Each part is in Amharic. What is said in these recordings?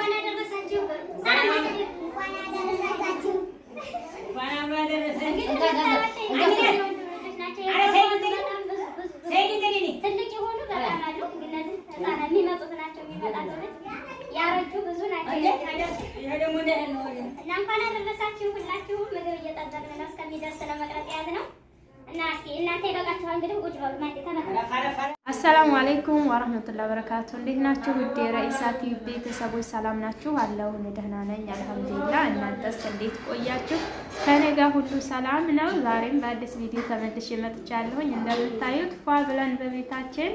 እንኳን አደረሳችሁ። ትልቅ የሆኑ የሚመጡት ናቸው የሚመጣሉ። ያረጁ ብዙ እና እንኳን አደረሳችሁ ሁላችሁም ምግብ እየጠበቅን ነው እስከሚደርስ ለመቅረጥ የያዝነው አሰላሙ አለይኩም ወረህመቱላሂ በረካቱ። እንዴት ናችሁ? ውድ የረኢሳ ቤተሰቦች ሰላም ናችሁ? አለሁ እኔ ደህና ነኝ አልሐምዱሊላህ። እናንተስ እንዴት ቆያችሁ? ከእኔ ጋር ሁሉ ሰላም ነው። ዛሬም በአዲስ ቪዲዮ ተመልሼ መጥቻለሁኝ። እንደምታዩት ፏ ብለን በቤታችን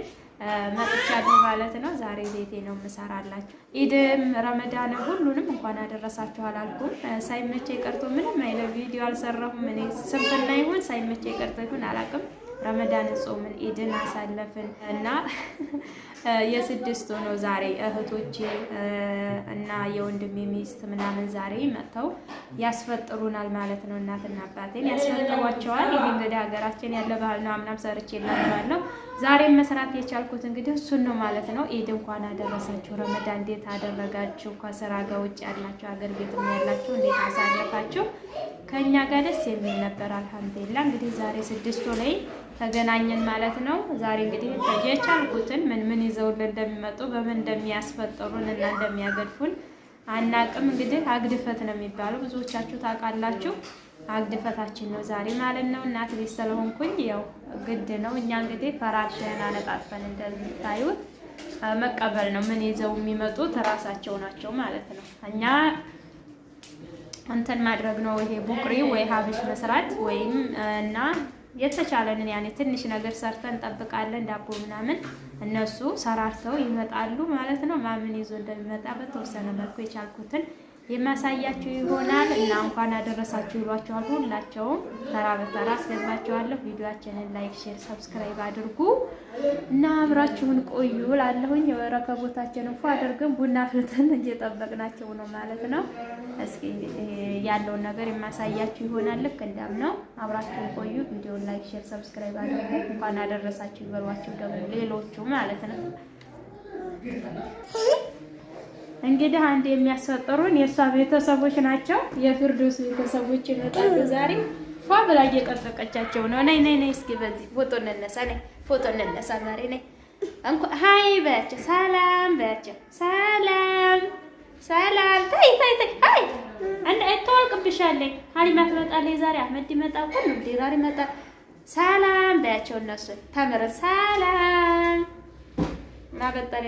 መጥቻለሁ ማለት ነው። ዛሬ ቤቴ ነው የምሰራላችሁ። ኢድም ረመዳን ሁሉንም እንኳን አደረሳችሁ አላልኩም። ሳይመቼ ቀርቶ ምንም አይነት ቪዲዮ አልሰራሁም። እኔ ስንፍና ይሁን ሳይመቼ ቀርቶ ይሁን አላውቅም። ረመዳን ጾምን፣ ኢድን አሳለፍን እና የስድስቱ ነው ዛሬ እህቶቼ እና የወንድሜ ሚስት ምናምን ዛሬ መጥተው ያስፈጥሩናል ማለት ነው። እናትና አባቴን ያስፈጥሯቸዋል። ይህ እንግዲህ ሀገራችን ያለ ባህል ነው። አምናም ሰርቼ ላቸዋለሁ። ዛሬም መስራት የቻልኩት እንግዲህ እሱን ነው ማለት ነው። ኢድ እንኳን አደረሳችሁ። ረመዳን እንዴት አደረጋችሁ? ከስራ ጋር ውጭ ያላችሁ ሀገር ቤት ያላችሁ እንዴት አሳለፋችሁ? ከእኛ ጋር ደስ የሚል ነበር። አልሐምዱሊላህ እንግዲህ ዛሬ ስድስቱ ላይ ተገናኘን ማለት ነው። ዛሬ እንግዲህ የቻልኩትን ምን ምን ይዘውልን እንደሚመጡ በምን እንደሚያስፈጥሩን እና እንደሚያገድፉን አናቅም። እንግዲህ አግድፈት ነው የሚባለው ብዙዎቻችሁ ታውቃላችሁ። አግድፈታችን ነው ዛሬ ማለት ነው። እናት ቤት ስለሆንኩኝ ያው ግድ ነው። እኛ እንግዲህ ፈራሽን አነጣጥፈን እንደምታዩት መቀበል ነው። ምን ይዘው የሚመጡት ራሳቸው ናቸው ማለት ነው። እኛ እንትን ማድረግ ነው ይሄ ቡቅሪ ወይ ሀብሽ መስራት ወይም እና የተቻለንን ያኔ ትንሽ ነገር ሰርተን እንጠብቃለን። ዳቦ ምናምን እነሱ ሰራርተው ይመጣሉ ማለት ነው። ማምን ይዞ እንደሚመጣ በተወሰነ መልኩ የቻልኩትን የሚያሳያችሁ ይሆናል እና እንኳን አደረሳችሁ ይሏችኋል። ሁላቸውም ተራ በተራ አስገባቸዋለሁ። ቪዲዮችንን ላይክ፣ ሼር፣ ሰብስክራይብ አድርጉ እና አብራችሁን ቆዩ ላለሁኝ የወረከቦታችን እንኳ አድርገን ቡና ፍልተን እየጠበቅናቸው ነው ማለት ነው። እስኪ ያለውን ነገር የማሳያችሁ ይሆናል። ልክ እንዳምነው አብራችሁ ቆዩ። ቪዲዮን ላይክ፣ ሼር፣ ሰብስክራይብ አድርጉ። እንኳን አደረሳችሁ ይበሏችሁ ደግሞ ሌሎቹ ማለት ነው። እንግዲህ አንድ የሚያስፈጥሩን የእሷ ቤተሰቦች ናቸው። የፊርዶስ ቤተሰቦች ይመጣሉ ዛሬ ፏ ብላ እየጠበቀቻቸው ነው። ነይ ነይ ነይ፣ እስኪ በዚህ ፎቶ እንነሳ። ነይ ፎቶ እንነሳ ዛሬ። ነይ ሀይ በያቸው፣ ሰላም በያቸው፣ ሰላም ሰላም ታይ ታይ ታይ አይ እንደ ሀሊማ ትመጣለች ዛሬ አህመድ ይመጣ ዲራር ይመጣ ሰላም በያቸው እነሱ ተምር ሰላም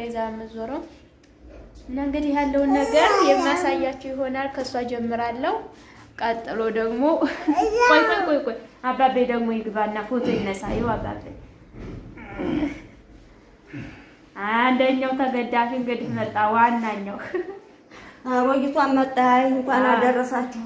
ይዛ እና እንግዲህ ያለውን ነገር የማሳያቸው ይሆናል። ከእሷ ጀምራለሁ። ቀጥሎ ደግሞ ቆይ ቆይ ቆይ ቆይ አባቤ ደግሞ ይግባና ፎቶ ይነሳ። ይኸው አባቤ አንደኛው ተገዳፊ እንግዲህ መጣ ዋናኛው አሮጊቷን መጣ እንኳን አደረሳችሁ።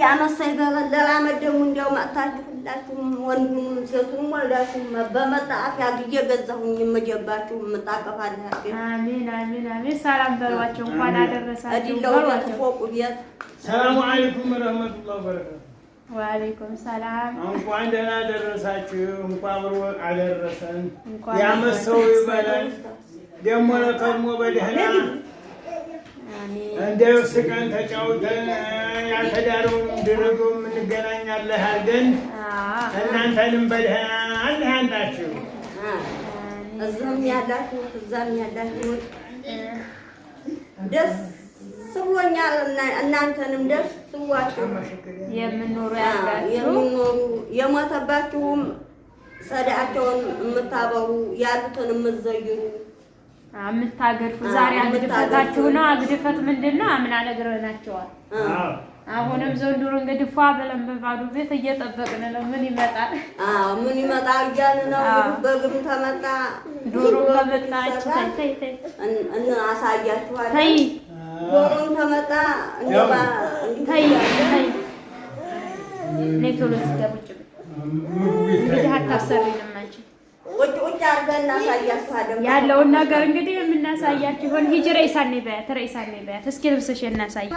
የአመሳይ በበለላ መደሙ እንዲያው መጥታችሁ ወንዱም ሴቱም ወልዳችሁ በመጣፍ ያግዬ ገዛሁኝ የምጀባችሁ የምጣቀፋለህ። አሜን አሜን አሜን። ሰላም በሏቸው፣ እንኳን አደረሳችሁ በሏቸው። ፎቁ ቤት ሰላሙ አለይኩም ረህመቱላ በረካቱ። ወአለይኩም ሰላም። እንኳን ደህና ደረሳችሁ፣ እንኳን ብሮ አደረሰን። ያመሰው ይበላል ደግሞ ለከሞ በደህና እንደ ስቀን ተጫውተን ያተዳረውንም ድርዱም እንገናኛለህ አድርገን እናንተንም በደህና አለህ አላችሁ። እዚህም ያላችሁት እዛም ያላችሁት ደስ ብሎኛል። እናንተንም ደስ ብሏችሁ የምኖሩ የሞተባችሁም ሰዳቸውን የምታበሩ ያሉትን የምትዘይሩ የምታገድፉ ዛሬ አግድፈታችሁ ነው። አግድፈት ምንድን ነው? አምና ነግረናቸዋል። አሁንም ዘንድሮ እንግዲህ ፏ ብለን በባዶ ቤት እየጠበቅን ነው። ምን ይመጣል? አዎ ምን ይመጣል እያልን ነው። በግም ተመጣ ዶሮ ከመጣች ተይ ተይ ተይ ዶሮም ተመጣ እንባ ተይ ተይ ኔቶሎጂ ጋር እንግዲህ አታሰሪንም ያለውን ነገር እንግዲህ የምናሳያችሁ ይሆን። ሂጂ ረይሳኔ በያት ረይሳኔ በያት። እስኪ ልብስሽ እናሳይ።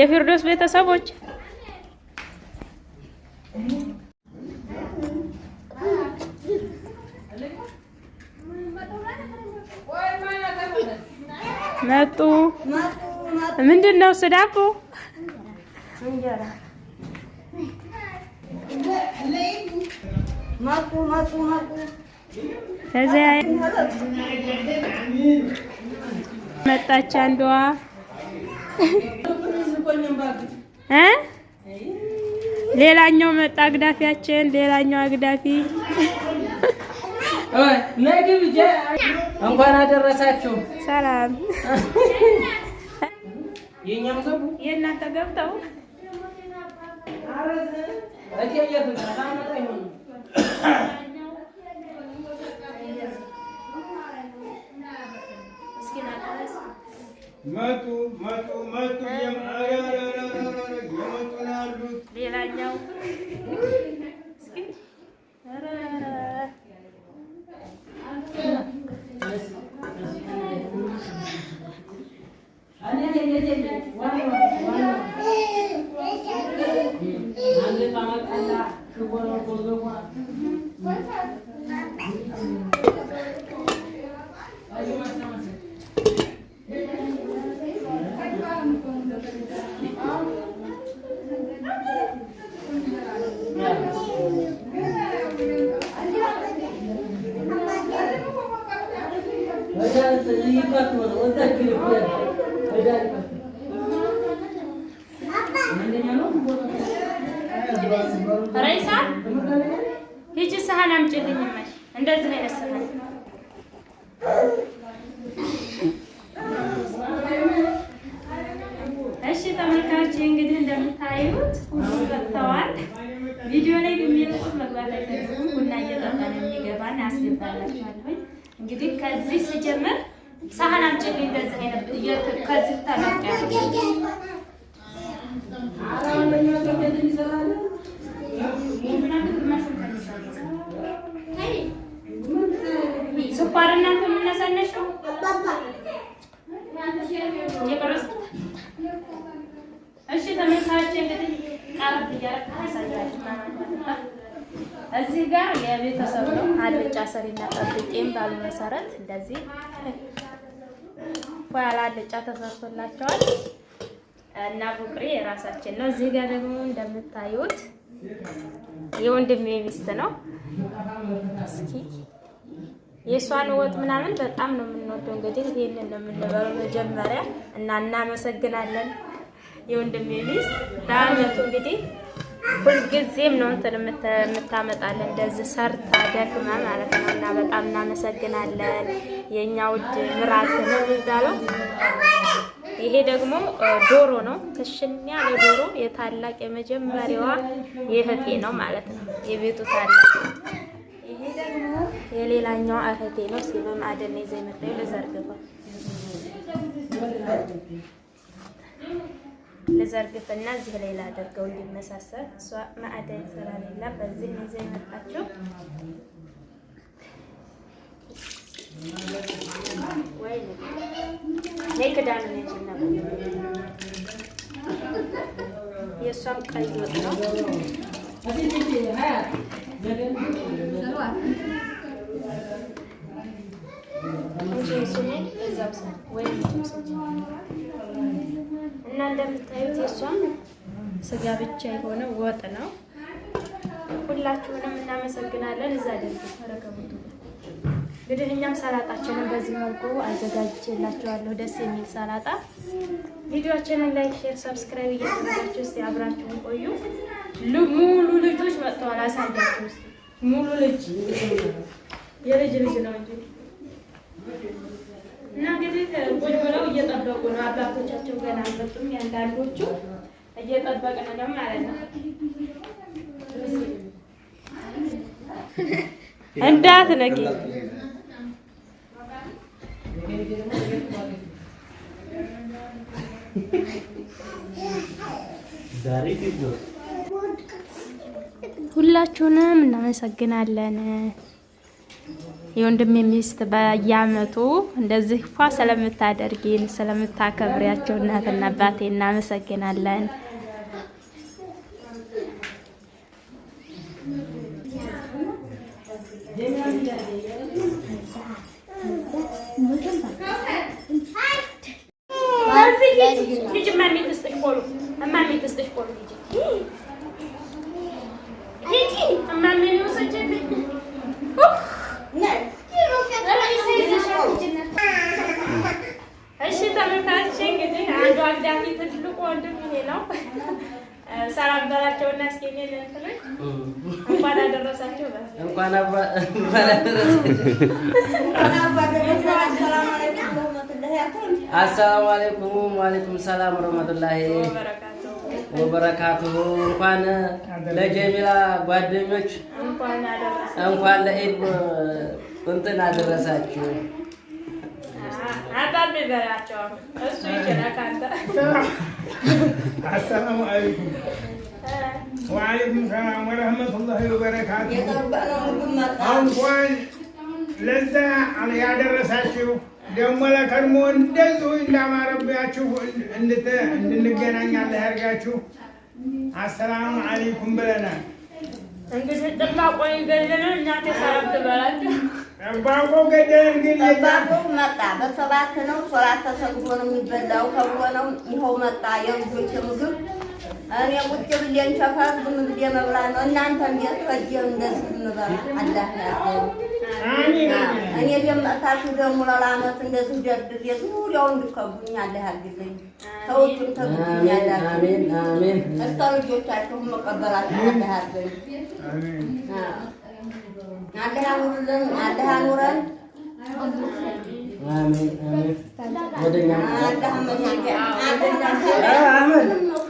የፊርዶስ ቤተሰቦች መጡ። ምንድን ነው ስዳቦ ከዚያ መጣች አንዷ እ ሌላኛው መጣ አግዳፊያችን፣ ሌላኛው አግዳፊ እንኳን አደረሳችሁ። ሰላም የእናንተ ገብተው መጡ መጡ መጡ የመጡ ያሉት ሌላኛው ላይ ደግሞ ቡና እየጠጣን የሚገባን አስገባላችኋለሁኝ። እንግዲህ ከዚህ ስጀምር ሳህን አምጪልኝ። እንደዚህ አይነት ከዚህ ስኳር እናንተ የምናሳነሽ እሺ ተመሳቸው እንግዲህ ቃላት እያረግ ሳያችሁ እዚህ ጋር የቤተሰብ ነው። አልጫ ሰሪና ጠብቄም ባሉ መሰረት እንደዚህ ኋላ አልጫ ተሰርቶላቸዋል እና ቡቅሪ የራሳችን ነው። እዚህ ጋር ደግሞ እንደምታዩት የወንድሜ ሚስት ነው። እስኪ የእሷን ወጥ ምናምን በጣም ነው የምንወደው። እንግዲህ ይህንን ነው የምንበረው መጀመሪያ እና እናመሰግናለን የወንድሜ ሚስት ለአመቱ እንግዲህ ሁልጊዜም ነው እንትን የምታመጣለን እንደዚህ ሰርታ ደክመ ማለት ነው። እና በጣም እናመሰግናለን የእኛ ውድ ምራት ነው የሚባለው። ይሄ ደግሞ ዶሮ ነው፣ ክሽን ያለ ዶሮ የታላቅ የመጀመሪያዋ የእህቴ ነው ማለት ነው። የቤቱ ታላቅ ይሄ ደግሞ የሌላኛዋ እህቴ ነው። ሲበም አደነ ይዘ የመጣዩ ለዘርግፈው ልዘርግፍና እዚህ ላይ ላደርገው እንዲመሳሰል። እሷ ማዕዳይ ስለሌላ በዚህ ነው ይዘን መጣችሁ። ወይ ክዳን ነው የእሷም ቀይ ወጥ ነው። ወይም እና እንደምታዩት የእሷም ስጋ ብቻ የሆነ ወጥ ነው። ሁላችሁንም እናመሰግናለን። እዛ ደርጉ ተረከቡት። እንግዲህ እኛም ሰላጣችንን በዚህ መልኩ አዘጋጅቼላችኋለሁ። ደስ የሚል ሰላጣ። ቪዲዮችንን ላይክ፣ ሼር፣ ሰብስክራይብ እያደረጋችሁ እስቲ አብራችሁን ቆዩ። ሙሉ ልጆች መጥተዋል። አሳዳችሁ ሙሉ ልጅ የልጅ ልጅ ነው እንጂ እና እንግዲህ ቁጭ ብለው እየጠበቁ ነው። አባቶቻቸው ገና አልመጡም። ያንዳንዶቹ እየጠበቅን ነው ማለት ነው። እንዳት ነጊ ሁላችሁንም እናመሰግናለን። የወንድሜ ሚስት በየአመቱ እንደዚህ ፏ ስለምታደርጊን ስለምታከብሪያቸው እናትና አባቴ እናመሰግናለን። አሰላሙ አለይኩም ወአለይኩም ሰላም ወረህመቱላሂ ወበረካቱሁ። እንኳን ለጀሚላ ጓደኞች እንኳን ለኢድ እንትን አደረሳችሁ። አሰላሙ አለይኩም ወአለይኩም ሰላም ወረህመቱላሂ ወበረካቱሁ። ለዛ ያደረሳችሁ ደግሞ ለከድሞ እንደዚሁ እንዳማረባችሁ እንድንገናኝ አላህ ያድርጋችሁ። አሰላሙ አለይኩም ብለናል። እንግዲህ ጠባቆ ገደለ እናቴ መጣ። በሰባት ነው ሶላት ተሰግዶ ነው የሚበላው ተብሎ ነው ይኸው መጣ የልጆች ምግብ እኔ ቁጭ ብዬ እንቸፈር ዝም መብላት ነው። እናንተም ቤት ሂጅ እንደዚህ እንበላ አላህ እኔ ቤት ደግሞ ለላመት እንደዚህ ደርድሬ ዙሪያው እንድከቡኝ አላህ ያግዘኝ። ሰዎቹም ተግቡኝ እስከ ልጆቻችሁም መቀበላችሁ አላህ ያርገኝ። አላህ ያኑርልን፣ አላህ ያኑረን። አሜን አሜን ወደኛ አላህ መሰገን አላህ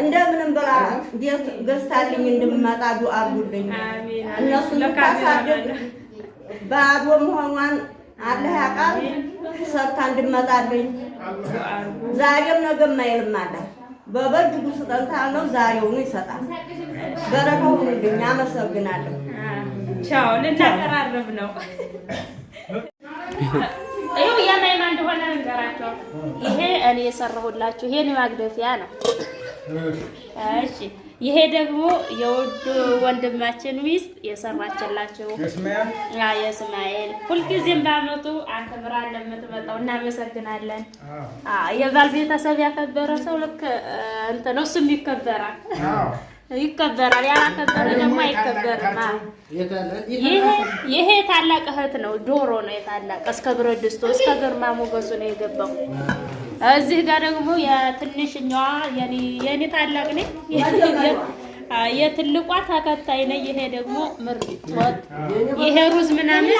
እንደምንም ብላ ገዝታልኝ እንድመጣ ዱ አድርጉልኝ። እነሱን ልታሳድግ ባዶ መሆኗን አለህ ያውቃል። ሰርታ እንድመጣልኝ ዛሬም ነገም አይልም አለ በበድጉ ስጠንታ ነው። ዛሬውኑ ይሰጣል። በረከው ሁኑልኝ። አመሰግናለሁ። ቻው። ልናቀራርብ ነው። ይኸው የማይማ እንደሆነ ነገራቸው። ይሄ እኔ የሰራሁላችሁ ይሄ ማግደፊያ ነው። እሺ ይሄ ደግሞ የውድ ወንድማችን ሚስት የሰራችላችሁ የእስማኤል ሁልጊዜም ባመጡ አክብራን ለምትመጣው እናመሰግናለን። የባል ቤተሰብ ያከበረ ሰው ልክ እንትን ነው፣ እሱም ይከበራል ይከበራል። ያላከበረ ደግሞ አይከበርም። ይሄ ታላቅ እህት ነው፣ ዶሮ ነው የታላቅ እስከ ብረት ድስቱ እስከ ግርማ ሞገሱ ነው የገባው እዚህ ጋር ደግሞ የትንሽኛዋ የኔ ታላቅ ነኝ፣ የትልቋ ተከታይ ነኝ። ይሄ ደግሞ ምርጥ ወጥ፣ ይሄ ሩዝ ምናምን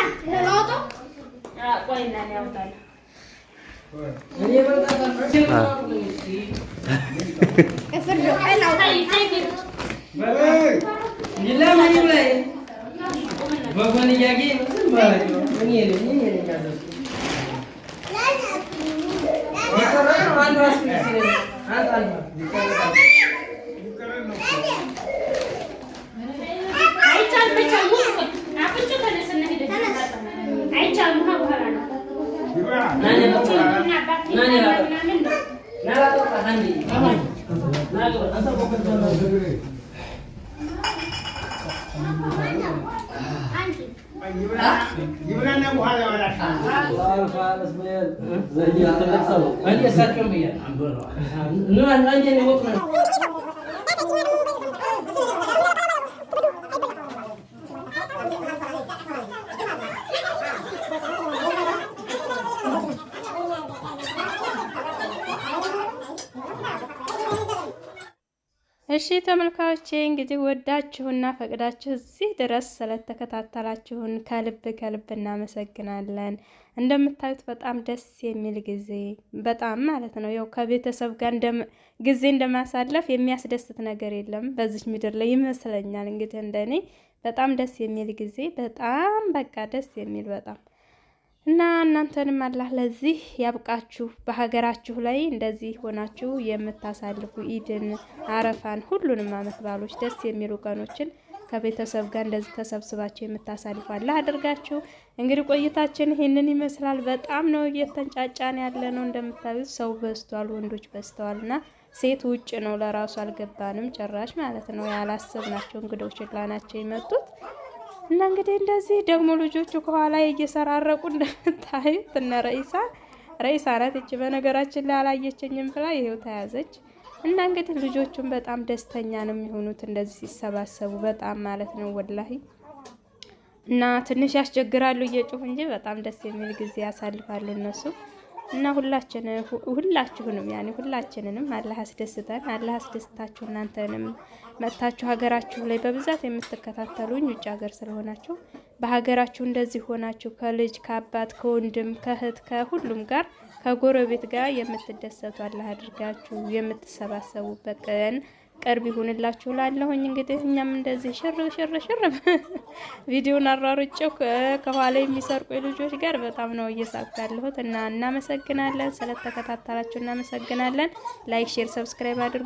కాలు రాసుకుంటుంది కాలు Thank you. ይብላና በኋላ ተመልካዮቼ እንግዲህ ወዳችሁና ፈቅዳችሁ እዚህ ድረስ ስለተከታተላችሁን ከልብ ከልብ እናመሰግናለን። እንደምታዩት በጣም ደስ የሚል ጊዜ በጣም ማለት ነው ያው ከቤተሰብ ጋር ጊዜ እንደማሳለፍ የሚያስደስት ነገር የለም በዚች ምድር ላይ ይመስለኛል። እንግዲህ እንደኔ በጣም ደስ የሚል ጊዜ በጣም በቃ ደስ የሚል በጣም እና እናንተንም አላህ ለዚህ ያብቃችሁ። በሀገራችሁ ላይ እንደዚህ ሆናችሁ የምታሳልፉ ኢድን፣ አረፋን፣ ሁሉንም አመት ባሎች ደስ የሚሉ ቀኖችን ከቤተሰብ ጋር እንደዚህ ተሰብስባችሁ የምታሳልፉ አላህ አድርጋችሁ። እንግዲህ ቆይታችን ይህንን ይመስላል። በጣም ነው እየተንጫጫን ያለ ነው። እንደምታዩት ሰው በዝቷል፣ ወንዶች በዝተዋልና ሴት ውጭ ነው ለራሱ አልገባንም ጭራሽ ማለት ነው። ያላሰብናቸው እንግዶች ላናቸው የመጡት እና እንግዲህ እንደዚህ ደግሞ ልጆቹ ከኋላ እየሰራረቁ እንደምታዩት እነ ረይሳ ረይሳ ናት እች በነገራችን ላይ አላየችኝም ብላ ይሄው ተያዘች። እና እንግዲህ ልጆቹም በጣም ደስተኛ ነው የሚሆኑት እንደዚህ ሲሰባሰቡ በጣም ማለት ነው ወላሂ። እና ትንሽ ያስቸግራሉ እየጮሁ እንጂ በጣም ደስ የሚል ጊዜ ያሳልፋሉ እነሱ። እና ሁላችን ሁላችሁንም ያኔ ሁላችንንም አላህ አስደስተን አላህ አስደስታችሁ እናንተንም መጥታችሁ ሀገራችሁ ላይ በብዛት የምትከታተሉኝ ውጭ ሀገር ስለሆናችሁ በሀገራችሁ እንደዚህ ሆናችሁ ከልጅ ከአባት ከወንድም ከእህት ከሁሉም ጋር ከጎረቤት ጋር የምትደሰቱ አላህ አድርጋችሁ የምትሰባሰቡበት ቀን ቅርብ ይሁንላችሁ ላለሁኝ እንግዲህ እኛም እንደዚህ ሽር ሽር ሽር ቪዲዮን አራርጬው ከኋላ የሚሰርቁ ልጆች ጋር በጣም ነው እየሳኩ ያለሁት እና እናመሰግናለን። ስለተከታተላችሁ እናመሰግናለን። ላይክ፣ ሼር፣ ሰብስክራይብ አድርጉ።